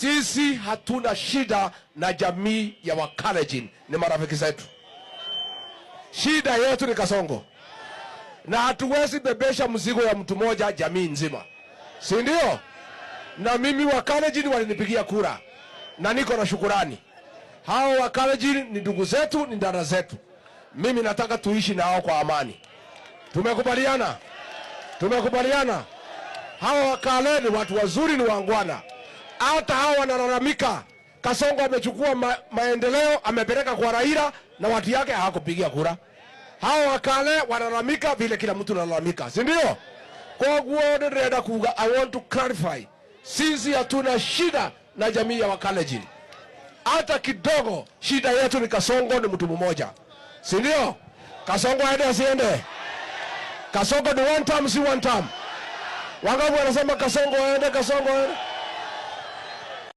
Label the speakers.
Speaker 1: Sisi hatuna shida na jamii ya Wakalenjin, ni marafiki zetu. Shida yetu ni Kasongo, na hatuwezi bebesha mzigo ya mtu mmoja jamii nzima, si ndio? Na mimi Wakalenjin walinipigia kura na niko na shukurani. Hao Wakalenjin ni ndugu zetu, ni dada zetu. Mimi nataka tuishi nao kwa amani. Tumekubaliana, tumekubaliana. Hawa Wakale ni watu wazuri, ni wangwana hata hao wanalalamika Kasongo amechukua ma, maendeleo amepeleka kwa Raila na watu yake hawakupigia kura. Hao wakale wanalalamika vile kila mtu analalamika, si ndio? Kwa hiyo ndio kuga, I want to clarify, sisi hatuna shida na jamii ya Wakalenjin hata kidogo. Shida yetu ni Kasongo ni mtu mmoja, si ndio? Kasongo aende asiende? Kasongo ni one time, si one time. Wangapi wanasema Kasongo aende? Kasongo aende?